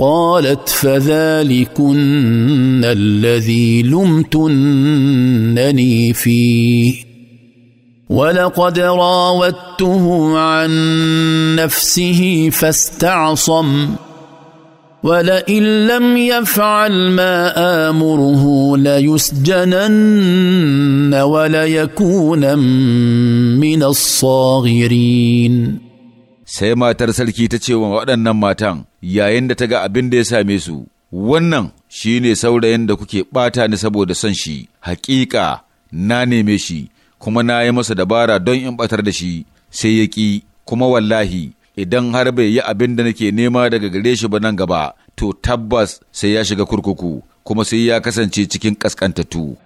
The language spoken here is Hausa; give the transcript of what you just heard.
قالت فذلكن الذي لمتنني فيه ولقد راودته عن نفسه فاستعصم ولئن لم يفعل ما امره ليسجنن وليكون من الصاغرين سيما ترسل كي ta ce ماتان yayin da ta ga abin da ya same su, wannan shi ne saurayin da kuke ɓata ni saboda son shi, haƙiƙa na neme shi, kuma na yi masa dabara don in ɓatar da shi, sai ya ƙi, kuma wallahi, idan har bai yi abin da nake nema daga gare shi ba nan gaba, to tabbas sai ya shiga kurkuku, kuma sai ya kasance cikin ƙasƙantattu.